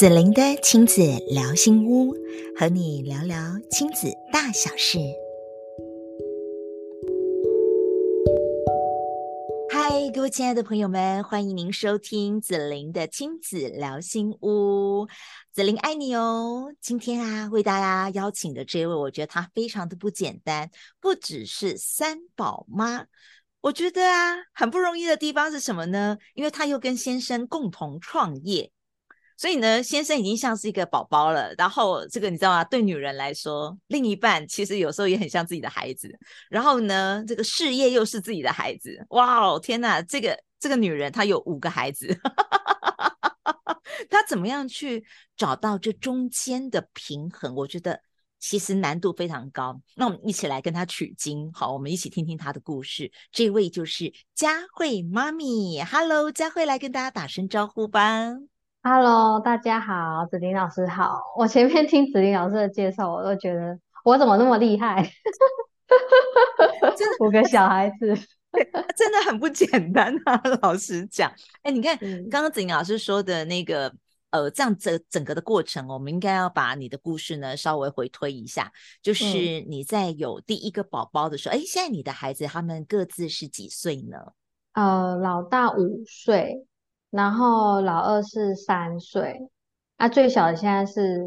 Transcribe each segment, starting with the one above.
子玲的親子聊心屋，和你聊聊親子大小事。嗨，各位親愛的朋友們，歡迎您收聽子玲的親子聊心屋。子玲愛你哦。今天啊，為大家邀請的這位，我覺得她非常的不簡單，不只是三寶媽。我覺得啊，很不容易的地方是什麼呢？因為她又跟先生共同創業。所以呢，先生已經像是一個寶寶了。然後這個你知道嗎？對女人來說，另一半其實有時候也很像自己的孩子。然後呢，這個事業又是自己的孩子。哇，哦，天哪！這個這個女人她有五個孩子， 她怎麼樣去找到這中間的平衡？我覺得其實難度非常高。那我們一起來跟她取經，好，我們一起聽聽她的故事。這位就是嘉慧媽咪，Hello，嘉慧來跟大家打聲招呼吧。Hello，大家好，子玲老師好。我前面聽子玲老師的介紹，我都覺得我怎麼那麼厲害？ 真是的五 個小孩子， 真的很不簡單啊！老實講，哎、欸，你看剛剛子玲老師說的那個，呃，這樣整整個的過程，我們應該要把你的故事呢稍微回推一下。就是你在有第一個寶寶的時候，哎、嗯欸，現在你的孩子他們各自是幾歲呢？呃，老大五歲。然後老二是三歲，啊，最小的現在是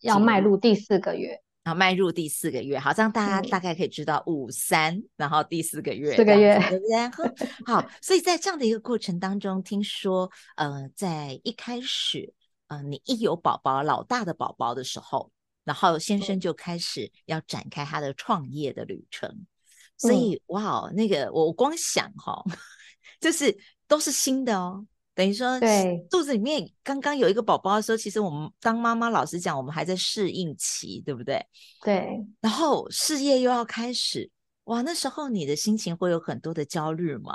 要邁入第四個月，啊，邁入第四個月，好，這樣大家大概可以知道五三，嗯、然後第四個月這，四個月，對不對？好，所以在這樣的一個過程當中，聽說，呃，在一開始，呃，你一有寶寶，老大的寶寶的時候，然後先生就開始要展開他的創業的旅程，嗯、所以哇、哦，那個我光想哈、哦，就是都是新的哦。等於說，對肚子裡面剛剛有一個寶寶的時候，其實我們當媽媽，老實講，我們還在適應期，對不對？對。然後事業又要開始，哇，那時候你的心情會有很多的焦慮嗎？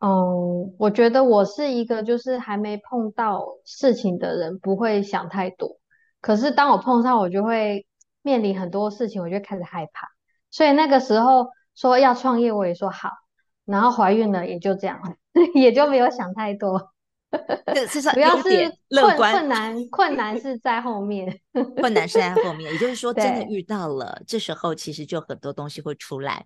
哦、嗯，我覺得我是一個就是還沒碰到事情的人，不會想太多。可是當我碰上，我就會面臨很多事情，我就開始害怕。所以那個時候說要創業，我也說好。然後懷孕了，也就這樣。嗯 也就沒有想太多，至少主要是樂觀。困難 困難是在後面， 困難是在後面。也就是說，真的遇到了，這時候其實就很多東西會出來、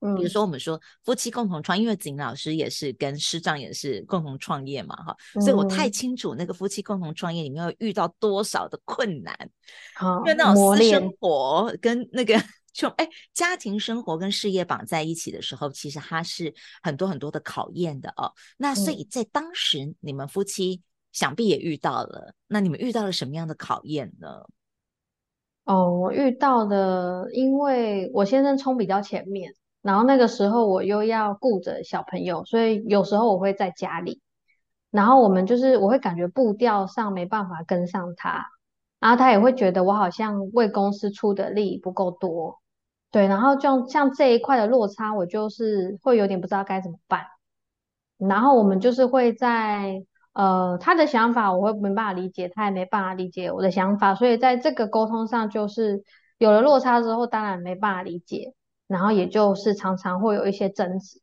嗯。比如說我們說夫妻共同創，因為子玲老師也是跟師丈也是共同創業嘛，哈、嗯，所以我太清楚那個夫妻共同創業裡面會遇到多少的困難、哦，因為那種私生活跟那個。 就哎，家庭生活跟事業綁在一起的時候，其實它是很多很多的考驗的哦。那所以在當時，嗯，你們夫妻想必也遇到了。那你們遇到了什麼樣的考驗呢？哦，我遇到的，因為我先生衝比較前面，然後那個時候我又要顧着小朋友，所以有時候我會在家裡，然後我們就是我會感覺步調上沒辦法跟上他。然後他也會覺得我好像為公司出的力不夠多，對，然後就像這一塊的落差，我就是會有點不知道該怎麼辦。然後我們就是會在，呃，他的想法我會沒辦法理解，他也沒辦法理解我的想法，所以在這個溝通上就是有了落差之後，當然沒辦法理解，然後也就是常常會有一些爭執。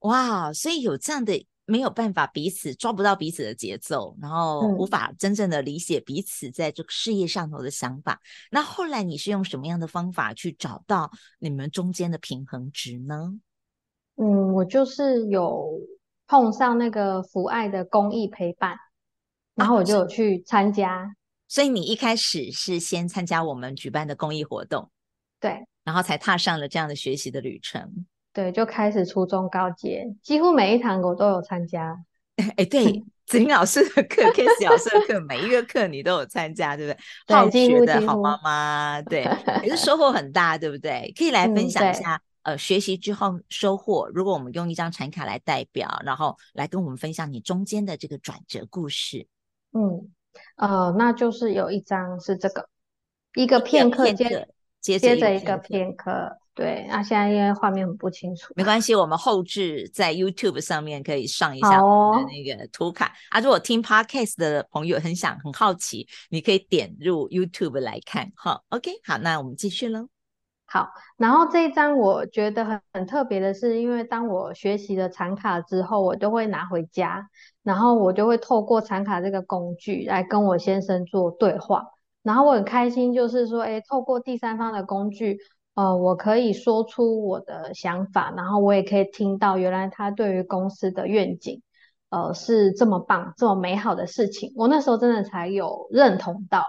哇，所以有這樣的。沒有辦法，彼此抓不到彼此的節奏，然後無法真正的理解彼此在這個事業上頭的想法。嗯，那後來你是用什麼樣的方法去找到你們中間的平衡值？呢？嗯，我就是有碰上那個芙愛的公益陪伴，啊，然後我就有去參加。所以你一開始是先參加我們舉辦的公益活動？對，然後才踏上了這樣的學習的旅程。對，就開始初中、高階，幾乎每一堂我都有參加。哎、欸，對， 子玲老師的課、K 老師的課， 每一個課你都有參加，對不對？對好學的好媽媽，對， 也是收穫很大，對不對？可以來分享一下，嗯、呃，學習之後收穫。如果我們用一張閃卡來代表，然後來跟我們分享你中間的這個轉折故事。嗯，呃，那就是有一張是這個，一個片刻接、啊、接着一個片刻。接對，啊，現在因為畫面很不清楚，啊，沒關係，我們後製在 YouTube 上面可以上一下那個圖卡，哦。啊，如果聽 Podcast 的朋友很想很好奇，你可以點入 YouTube 來看哈。OK，好，那我們繼續嘍。好，然後這一張我覺得很特別的是，因為當我學習了禪卡之後，我就會拿回家，然後我就會透過禪卡這個工具來跟我先生做對話，然後我很開心，就是說，哎，透過第三方的工具。呃，我可以說出我的想法，然後我也可以聽到原來他對於公司的願景，呃，是這麼棒、這麼美好的事情。我那時候真的才有認同到。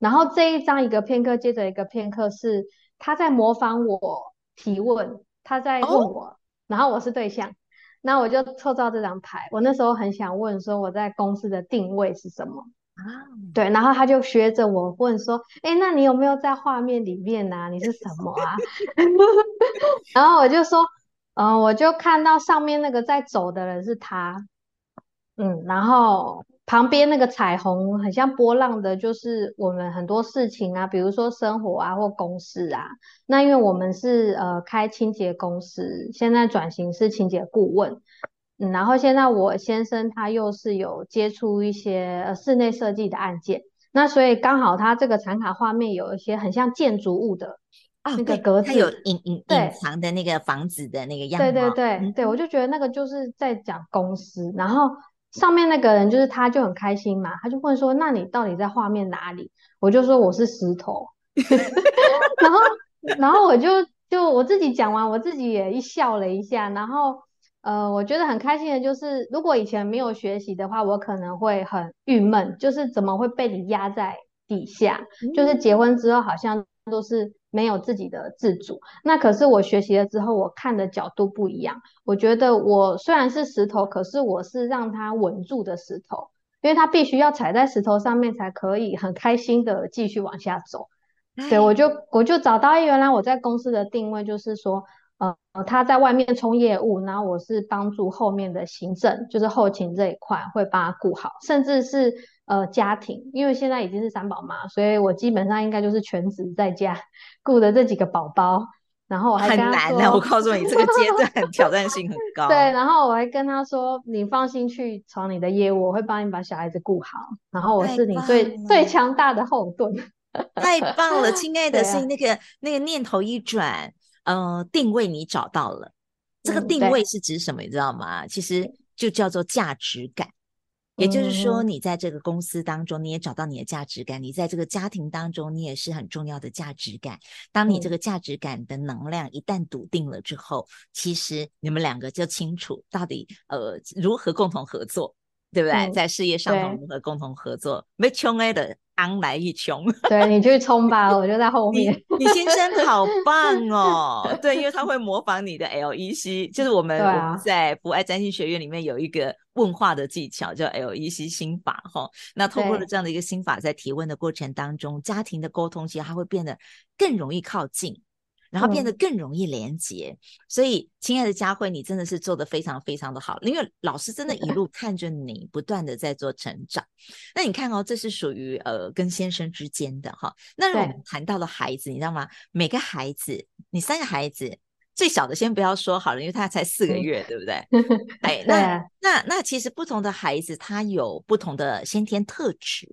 然後這一張一個片刻，接着一個片刻是他在模仿我提問，他在問我，oh. 然後我是對象，那我就抽到這張牌。我那時候很想問說我在公司的定位是什麼。啊、對，然後他就學着我問說誒：“那你有沒有在畫面裡面啊？你是什麼啊？” 然後我就說：“嗯、呃，我就看到上面那個在走的人是他，嗯，然後旁邊那個彩虹很像波浪的，就是我們很多事情啊，比如說生活啊或公司啊。那因為我們是呃開清潔公司，現在轉型是清潔顧問。”嗯、然後現在我先生他又是有接觸一些室內設計的案件，那所以剛好他這個長卡畫面有一些很像建築物的那個格子，啊、他有隱隱隱藏的那個房子的那個樣子。對對對、嗯、對，我就覺得那個就是在講公司，然後上面那個人就是他就很開心嘛，他就問說：那你到底在畫面哪裡？我就說我是石頭， 然後然後我就就我自己講完，我自己也一笑了一下，然後。呃，我覺得很開心的就是，如果以前沒有學習的話，我可能會很鬱悶，就是怎麼會被你壓在底下？就是結婚之後好像都是沒有自己的自主。那可是我學習了之後，我看的角度不一樣。我覺得我雖然是石頭，可是我是讓它穩住的石頭，因為它必須要踩在石頭上面才可以很開心的繼續往下走。對，我就，我就找到原來我在公司的定位就是說。呃，他在外面衝業務，那我是幫助後面的行政，就是後勤這一塊會幫他顧好，甚至是呃家庭，因為現在已經是三寶媽，所以我基本上應該就是全職在家顧的這幾個寶寶。然後我還很難的、啊，我告訴你， 這個階段挑戰性很高。對，然後我還跟他說：“你放心去闖你的業務，我會幫你把小孩子顧好，然後我是你最最強大的後盾。 ”太棒了，親愛的，是那個、 啊、那個念頭一轉。呃，定位你找到了，這個定位是指什麼？你知道嗎、嗯？其實就叫做價值感，也就是說，你在這個公司當中，你也找到你的價值感；嗯、你在這個家庭當中，你也是很重要的價值感。當你這個價值感的能量一旦篤定了之後，嗯、其實你們兩個就清楚到底呃如何共同合作，對不對？嗯、在事業上如何共同合作，嗯、沒障礙的。剛來一窮，對，你去衝吧， 我就在後面你。你先生好棒哦， 對，因為他會模仿你的 LEC，就是我們、啊、我們在芙愛占星學院裡面有一個問話的技巧，叫 LEC 心法哈。那通過了這樣的一個心法，在提問的過程當中，家庭的溝通其實它會變得更容易靠近。然後變得更容易連接，嗯、所以親愛的嘉慧，你真的是做得非常非常的好，因為老師真的一路看着你不斷的在做成長。那你看哦，這是屬於呃跟先生之間的哈、哦。那如果我們談到了孩子，你知道嗎？每個孩子，你三個孩子，最小的先不要說好了，因為他才四個月，嗯、對不對？ 哎，那對、啊、那那,那其實不同的孩子他有不同的先天特質。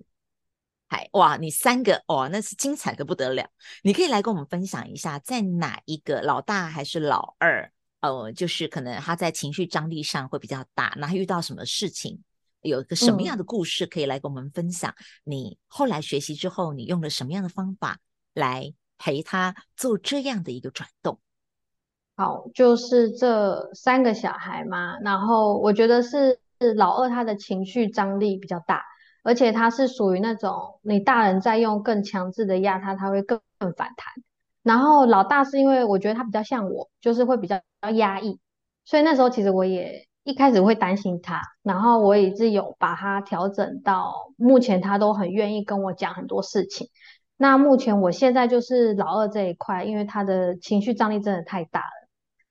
哇，你三個哇，那是精彩的不得了！你可以來跟我們分享一下，在哪一個老大還是老二？哦、呃，就是可能他在情緒張力上會比較大，那他遇到什麼事情，有一個什麼樣的故事可以來跟我們分享、嗯？你後來學習之後，你用了什麼樣的方法來陪他做這樣的一個轉動？好，就是這三個小孩嘛，然後我覺得是，是老二，他的情緒張力比較大。而且他是屬於那種你大人在用更強制的壓他，他會更反彈。然後老大是因為我覺得他比較像我，就是會比較壓抑，所以那時候其實我也一開始會擔心他，然後我也是有把他調整到目前他都很願意跟我講很多事情。那目前我現在就是老二這一塊，因為他的情緒張力真的太大了。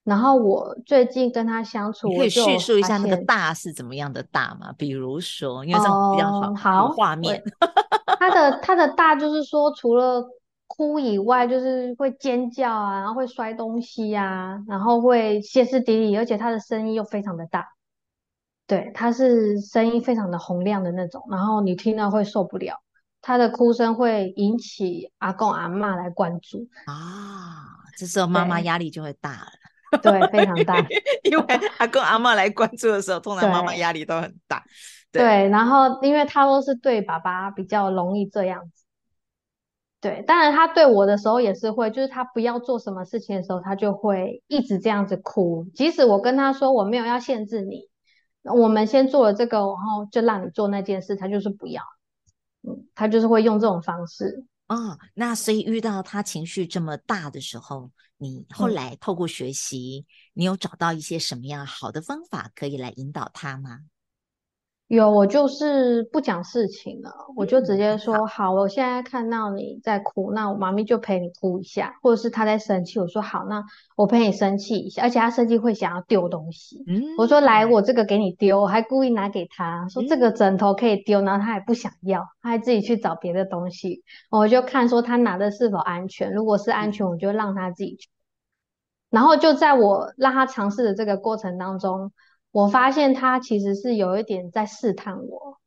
然後我最近跟他相處，我可以敘述一下那個大是怎麼樣的大嗎？比如說，因為這樣比較好畫、呃、面。 他的他的大就是說，除了哭以外，就是會尖叫啊，然後會摔東西呀、啊，然後會歇斯底里，而且他的聲音又非常的大。對，他是聲音非常的洪亮的那種，然後你聽到會受不了。他的哭聲會引起阿公阿嬤來關注啊、哦，這時候媽媽壓力就會大了。 對，非常大， 因為阿公阿嬤來關注的時候，通常媽媽壓力都很大，對。對，然後因為他都是對爸爸比較容易這樣子。對，當然他對我的時候也是會，就是他不要做什麼事情的時候，他就會一直這樣子哭。即使我跟他說我沒有要限制你，我們先做了這個，然後就讓你做那件事，他就是不要。嗯，他就是會用這種方式。啊、哦，那所以遇到他情緒這麼大的時候，你後來透過學習，嗯、你有找到一些什麼樣好的方法可以來引導他嗎？有，我就是不講事情了，我就直接說、嗯、好。我現在看到你在哭，那我媽咪就陪你哭一下，或者是他在生氣，我說好，那我陪你生氣一下。而且他生氣會想要丟東西、嗯，我說來，我這個給你丟，我還故意拿給他，說這個枕頭可以丟，然後他也不想要，他還自己去找別的東西。我就看說他拿的是否安全，如果是安全，嗯、我就讓他自己去。然後就在我讓他嘗試的這個過程當中。我發現他其實是有一點在試探我，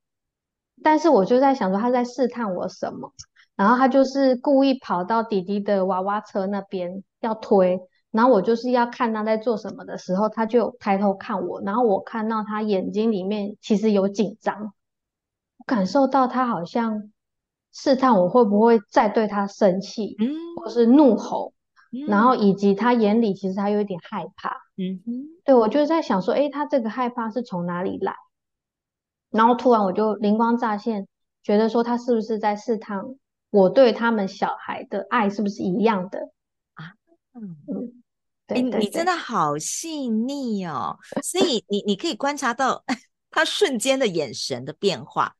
但是我就在想說他在試探我什麼，然後他就是故意跑到弟弟的娃娃車那邊要推，然後我就是要看他在做什麼的時候，他就抬頭看我，然後我看到他眼睛裡面其實有緊張，我感受到他好像試探我會不會再對他生氣，或是怒吼，然後以及他眼裡其實他有一點害怕。嗯哼，對，我就是在想說，哎，他這個害怕是從哪裡來？然後突然我就靈光乍現，覺得說他是不是在試探我對他們小孩的愛是不是一樣的啊？嗯嗯、欸，你，你真的好細膩哦， 所以你，你可以觀察到他瞬間的眼神的變化。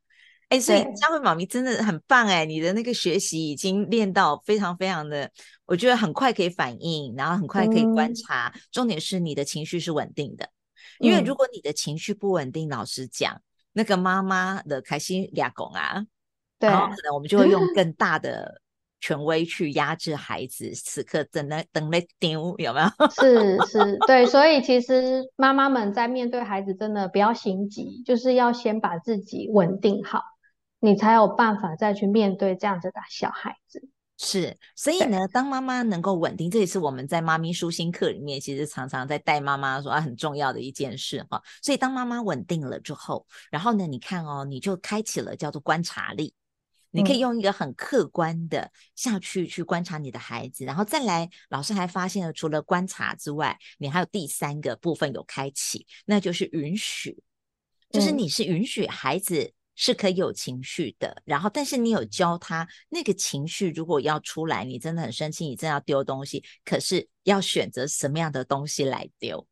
哎、所以嘉慧媽咪真的很棒哎，你的那個學習已經練到非常非常的，我覺得很快可以反應，然後很快可以觀察。嗯、重點是你的情緒是穩定的，因為如果你的情緒不穩定，嗯、老實講，那個媽媽的開心倆拱啊，對，然後可能我們就會用更大的權威去壓制孩子。嗯、此刻等能等來丟？有沒有？是是，對， 所以其實媽媽們在面對孩子，真的不要心急，就是要先把自己穩定好。你才有辦法再去面對這樣子的小孩子，是，所以呢，當媽媽能夠穩定，這也是我們在媽咪舒心課裡面，其實常常在帶媽媽說啊，很重要的一件事哈、哦。所以當媽媽穩定了之後，然後呢，你看哦，你就開啟了叫做觀察力，你可以用一個很客觀的下去去觀察你的孩子，嗯、然後再來，老師還發現了，除了觀察之外，你還有第三個部分有開啟，那就是允許，就是你是允許孩子，嗯。是可以有情緒的，然後，但是你有教他那個情緒如果要出來，你真的很生氣，你真要丟東西，可是要選擇什麼樣的東西來丟，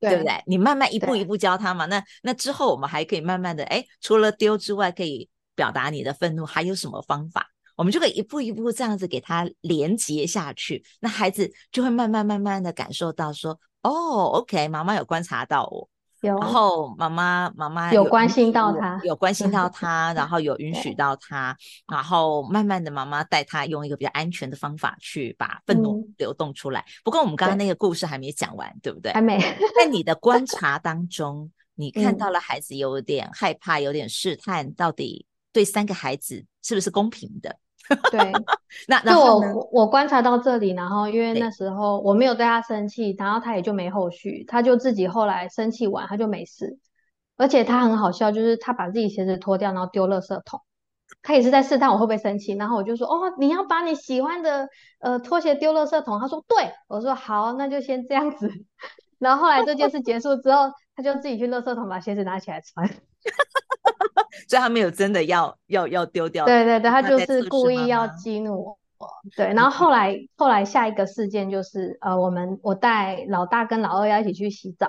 對，對不對？你慢慢一步一步教他嘛。那那之後，我們還可以慢慢的，哎，除了丟之外，可以表達你的憤怒還有什麼方法？我們就可以一步一步這樣子給他連接下去，那孩子就會慢慢慢慢的感受到說，哦，OK，媽媽有觀察到我。然後媽媽媽媽有，有關心到他，有，有關心到他， 然後有允許到他，然後慢慢的媽媽帶他用一個比較安全的方法去把憤怒流動出來。嗯、不過我們剛剛那個故事還沒講完，對，對不對？還沒。在 你的觀察當中， 你看到了孩子有點害怕，有點試探，嗯、到底對三個孩子是不是公平的？ 對 那，就我我觀察到這裡，然後因為那時候我沒有對他生氣，然後他也就沒後續，他就自己後來生氣完，他就沒事，而且他很好笑，就是他把自己鞋子脫掉，然後丟垃圾桶，他也是在試探我會不會生氣，然後我就說哦，你要把你喜歡的呃拖鞋丟垃圾桶，他說對，我說好，那就先這樣子， 然後後來這件事結束之後，他就自己去垃圾桶把鞋子拿起來穿。 所以他沒有真的要要要丟掉，對對對，他就是故意要激怒我。媽媽對，然後後來後來下一個事件就是呃，我們我帶老大跟老二要一起去洗澡，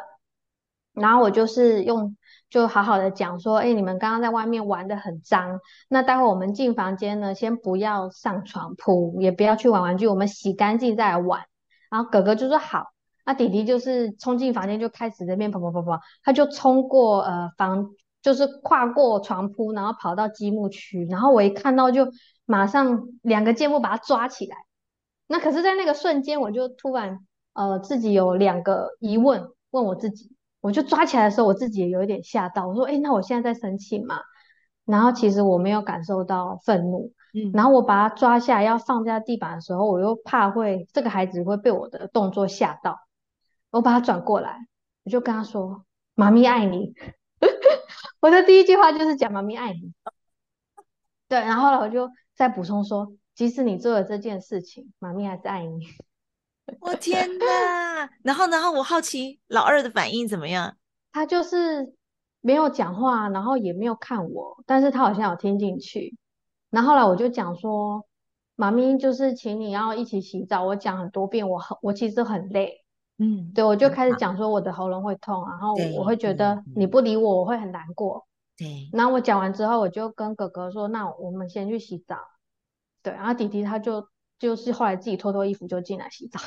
然後我就是用就好好的講說，哎，你們剛剛在外面玩得很髒，那待會我們進房間呢，先不要上床鋪，也不要去玩玩具，我們洗乾淨再來玩。然後哥哥就說好，那弟弟就是衝進房間就開始在那邊砰砰砰砰，他就衝過呃房。就是跨過床鋪，然後跑到積木區，然後我一看到就馬上兩個箭步把他抓起來。那可是，在那個瞬間，我就突然呃自己有兩個疑問，問我自己。我就抓起來的時候，我自己也有一點嚇到，我說：“誒、欸，那我現在在生氣嗎？”然後其實我沒有感受到憤怒、嗯。然後我把他抓下要放在地板的時候，我又怕會這個孩子會被我的動作嚇到。我把他轉過來，我就跟他說：“媽咪愛你。”我的第一句話就是講“媽咪愛你”，對，然後來我就再補充說，即使你做了這件事情，媽咪還是愛你。我天哪！ 然後，然後我好奇老二的反應怎麼樣？他就是沒有講話，然後也沒有看我，但是他好像有聽進去。然後來我就講說，媽咪就是請你要一起洗澡，我講很多遍，我很我其實很累。嗯，對，我就開始講說我的喉嚨會痛，然後我，我會覺得你不理我，我會很難過。對，然後我講完之後，我就跟哥哥說，那我們先去洗澡。對，然後弟弟他就就是後來自己脫脫衣服就進來洗澡。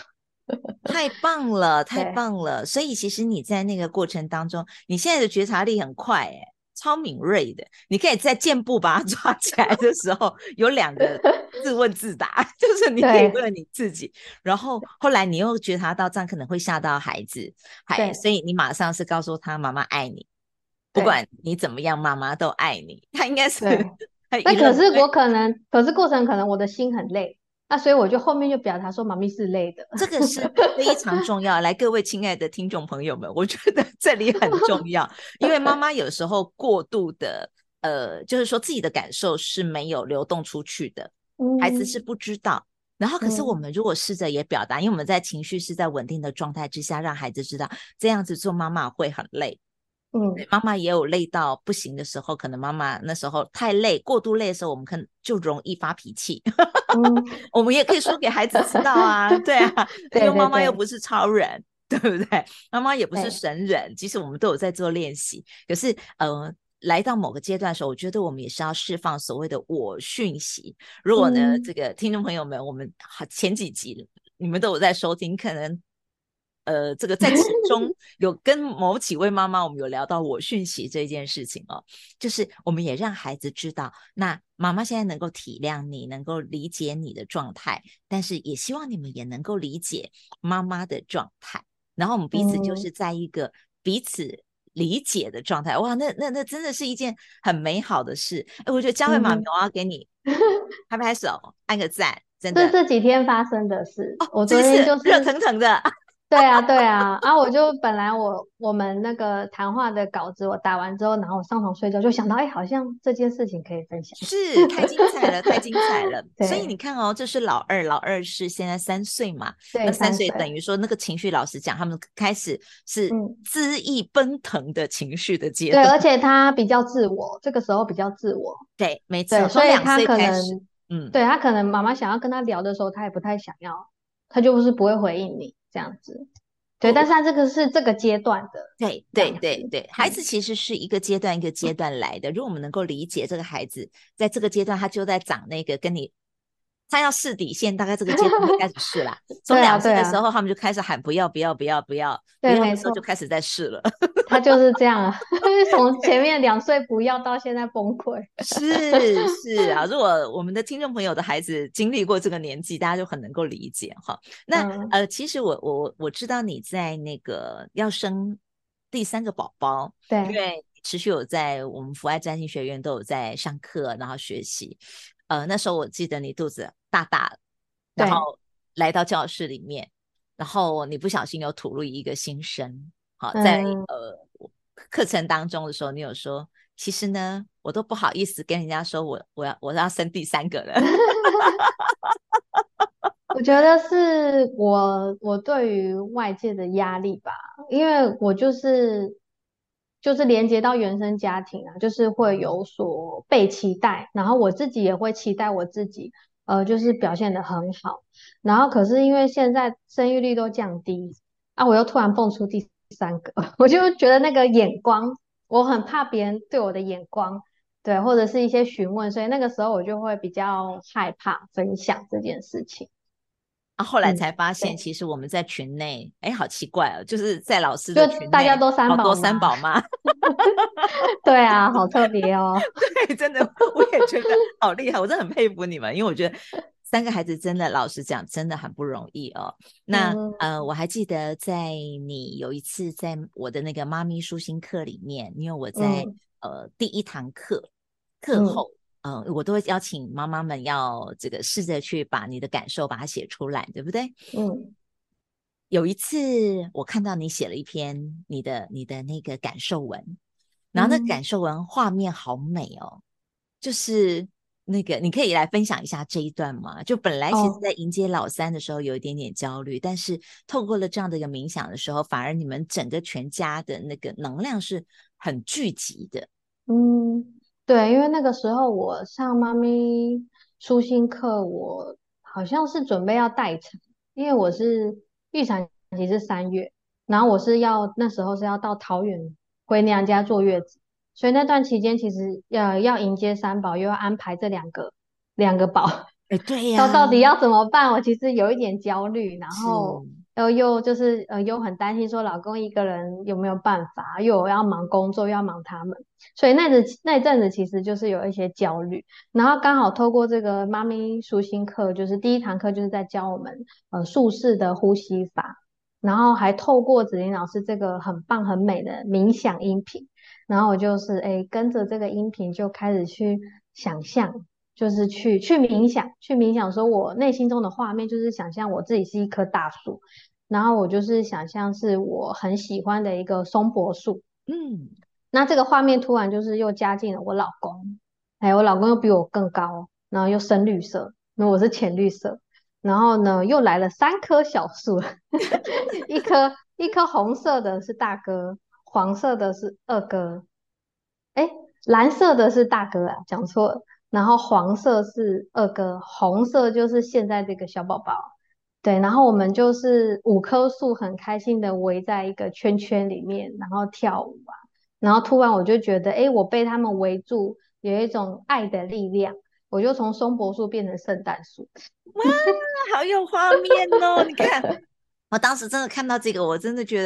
太棒了，太棒了！所以其實你在那個過程當中，你現在的覺察力很快，欸，哎，超敏銳的。你可以在健步把他抓起來的時候， 有兩個。自問自答，就是你可以問了你自己，然後後來你又覺察到這樣可能會嚇到孩子，還所以你馬上是告訴他，媽媽愛你，不管你怎麼樣，媽媽都愛你。他應該是，那 可是我可能，可是過程可能我的心很累，那所以我就後面就表達說，媽咪是累的，這個是非常重要。 來，各位親愛的聽眾朋友們，我覺得這裡很重要， 因為媽媽有時候過度的，呃，就是說自己的感受是沒有流動出去的。孩子是不知道，然後可是我們如果試着也表達，因為我們在情緒是在穩定的狀態之下，讓孩子知道這樣子做媽媽會很累。嗯，媽媽也有累到不行的時候，可能媽媽那時候太累，過度累的時候，我們可能就容易發脾氣。 嗯， 我們也可以說給孩子知道啊， 對啊， 因為媽媽又不是超人對對對，對不對？媽媽也不是神人，即使我們都有在做練習，可是呃。來到某個階段的時候，我覺得我們也是要釋放所謂的“我”訊息。如果呢，嗯、這個聽眾朋友們，我們前幾集你們都有在收聽，可能呃，這個在其中有跟某幾位媽媽，我們有聊到“我”訊息這件事情哦。就是我們也讓孩子知道，那媽媽現在能夠體諒你，能夠理解你的狀態，但是也希望你們也能夠理解媽媽的狀態，然後我們彼此就是在一個彼此、嗯。理解的狀態，哇，那那那真的是一件很美好的事。哎、欸，我覺得嘉慧媽咪，我要給你拍拍手，嗯、 按個讚，真的。對，這幾天發生的事，哦、我最近就是熱騰騰的。 對啊，對啊，然、啊、後我就本來我我們那個談話的稿子我打完之後，然後我上床睡覺就想到，哎，好像這件事情可以分享。 是太精彩了，太精彩了。 所以你看哦，這、就是老二，老二是現在三歲嘛，對那三歲等於說那個情緒，嗯、老實講，他們開始是恣意奔騰的情緒的階段。對，而且他比較自我，這個時候比較自我。對，沒錯。所以兩歲以他可能嗯，對他可能媽媽想要跟他聊的時候，他也不太想要，他就不是不會回應你。這樣子，對，但是他這個是這個階段的、哦，對對對對，孩子其實是一個階段一個階段來的、嗯，如果我們能夠理解這個孩子，在這個階段他就在長那個跟你。他要試底線，大概這個階段就開始試啦。從兩歲的時候、 啊啊，他們就開始喊不要不要不要不要，對。要的時候就開始在試了。他就是這樣啊，就 是 從前面兩歲不要到現在崩潰。 是是啊，如果我們的聽眾朋友的孩子經歷過這個年紀，大家就很能夠理解哈。那、嗯、呃，其實我我我知道你在那個要生第三個寶寶，對，因為持續有在我們芙愛占心學院都有在上課，然後學習。呃，那時候我記得你肚子大大，然後來到教室裡面，然後你不小心又吐露一個心聲，好在、嗯、呃，課程當中的時候，你有說，其實呢，我都不好意思跟人家說，我我要我要生第三個了。 我覺得是我我對於外界的壓力吧，因為我就是就是連接到原生家庭啊，就是會有所被期待，然後我自己也會期待我自己。呃，就是表現得很好，然後可是因為現在生育率都降低，啊，我又突然蹦出第三個， 我就覺得那個眼光，我很怕別人對我的眼光，對，或者是一些詢問，所以那個時候我就會比較害怕分享這件事情。啊、後來才發現，其實我們在群內，哎、嗯，好奇怪哦，就是在老師的群內大家都三寶，好多三寶媽。 對啊，好特別哦。對，真的，我也覺得好厲害， 我真的很佩服你們，因為我覺得三個孩子真的，老實講，真的很不容易哦。那、嗯、呃，我還記得在你有一次在我的那個媽咪舒心課裡面，因為我在、嗯、呃第一堂課課後，嗯。嗯，我都會邀請媽媽們要這個試着去把你的感受把它寫出來，對不對？嗯。有一次我看到你寫了一篇你的你的那個感受文，然後那感受文畫面好美哦，嗯、就是那個你可以來分享一下這一段嗎？就本來其實，在迎接老三的時候有一點點焦慮，哦，但是透過了這樣的一個冥想的時候，反而你們整個全家的那個能量是很聚集的。嗯。對，因為那個時候我上媽咪舒心課，我好像是準備要待產，因為我是預產期是三月，然後我是要那時候是要到桃園回娘家坐月子，所以那段期間其實要、呃、要迎接三寶，又要安排這兩個兩個寶，哎，對呀、啊，到到底要怎麼辦？我其實有一點焦慮，然後。又就是呃，又很擔心說老公一個人有沒有辦法，又要忙工作，又要忙他們，所以那陣那陣子其實就是有一些焦慮。然後剛好透過這個媽咪舒心課，就是第一堂課就是在教我們呃舒適的呼吸法，然後還透過子玲老師這個很棒很美的冥想音頻，然後我就是哎、欸、跟着這個音頻就開始去想象，就是去去冥想，去冥想，說我內心中的畫面就是想象我自己是一棵大樹。然後我就是想象是我很喜歡的一個松柏樹，嗯，那這個畫面突然就是又加進了我老公，哎，我老公又比我更高，然後又深綠色，那我是淺綠色，然後呢又來了三棵小樹， 一棵， 一棵，一棵紅色的是大哥，黃色的是二哥，哎，藍色的是大哥啊，講錯了，然後黃色是二哥，紅色就是現在這個小寶寶。對，然後我們就是五棵樹，很開心的圍在一個圈圈裡面，然後跳舞啊。然後突然我就覺得，哎，我被他們圍住，有一種愛的力量。我就從松柏樹變成聖誕樹，哇，好有畫面哦！ 你看，我當時真的看到這個，我真的覺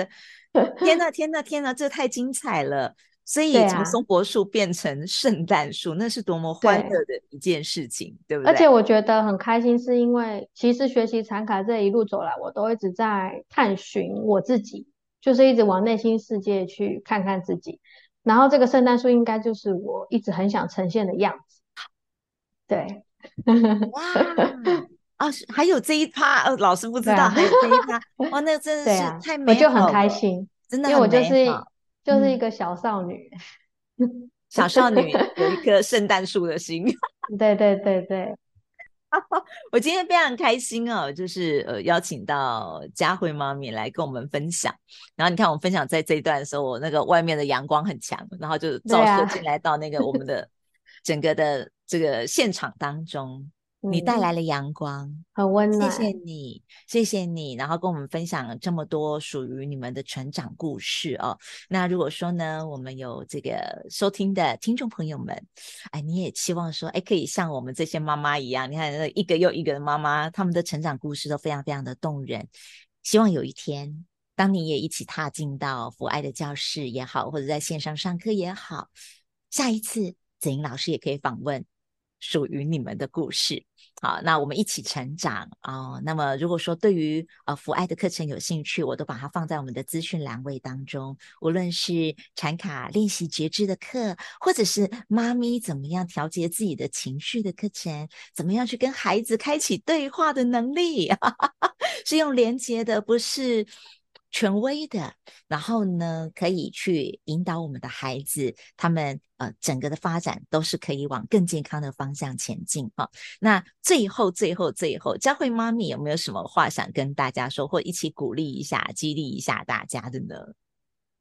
得，天哪，天哪，天哪，這太精彩了。所以從松柏樹變成聖誕樹，啊，那是多麼歡樂的一件事情，對，對不對？而且我覺得很開心，是因為其實學習禪卡這一路走來，我都一直在探尋我自己，就是一直往內心世界去看看自己。然後這個聖誕樹應該就是我一直很想呈現的樣子。對，哇 啊，還有這一趴，老師不知道、啊、還有這一趴， 哇，那真的是太美了，了、啊，我就很開心，真的，因為我就是。就是一個小少女，嗯、小少女有一顆聖誕樹的心。 對對對對， 我今天非常開心哦，就是、呃、邀請到佳慧媽咪來跟我們分享。然後你看，我們分享在這一段的時候，我那個外面的陽光很強，然後就照射進來到那個我們的整個的這個現場當中。對啊。 你帶來了陽光，很、嗯、溫暖。謝謝你，謝謝你。然後跟我們分享了這麼多屬於你們的成長故事哦。那如果說呢，我們有這個收聽的聽眾朋友們，哎，你也希望說，哎，可以像我們這些媽媽一樣，你看一個又一個的媽媽，她們的成長故事都非常非常的動人。希望有一天，當你也一起踏進到芙愛的教室也好，或者在線上上課也好，下一次子玲老師也可以訪問。屬於你們的故事，好，那我們一起成長哦，那麼，如果說對於呃芙愛的課程有興趣，我都把它放在我們的資訊欄位當中。無論是禪卡練習覺知的課，或者是媽咪怎麼樣調節自己的情緒的課程，怎麼樣去跟孩子開啟對話的能力，哈哈是用連接的，不是，權威的，然後呢，可以去引導我們的孩子，他們呃，整個的發展都是可以往更健康的方向前進哈、哦。那最後，最後，最後，嘉慧媽咪有沒有什麼話想跟大家說，或一起鼓勵一下、激勵一下大家的呢？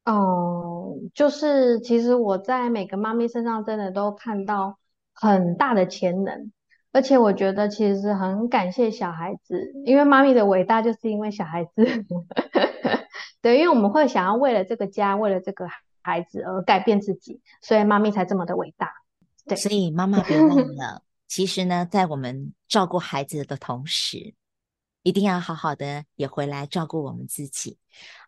哦、呃，就是其實我在每個媽咪身上真的都看到很大的潛能，而且我覺得其實很感謝小孩子，因為媽咪的偉大就是因為小孩子。 對，因為我們會想要為了這個家，為了這個孩子而改變自己，所以媽咪才這麼的偉大。對，所以媽媽別忘了， 其實呢，在我們照顧孩子的同時，一定要好好的，也回來照顧我們自己，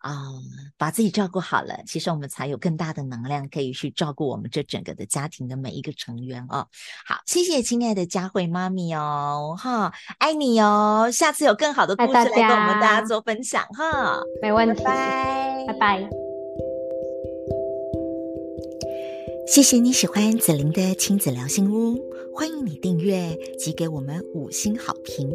啊、嗯，把自己照顧好了，其實我們才有更大的能量，可以去照顧我們這整個的家庭的每一個成員哦。好，謝謝親愛的佳慧媽咪哦，哈，愛你哦，下次有更好的故事來跟我們大家做分享哈。沒問題，拜拜，拜拜。謝謝你喜歡子玲的親子聊心屋，歡迎你訂閱及給我們五星好評。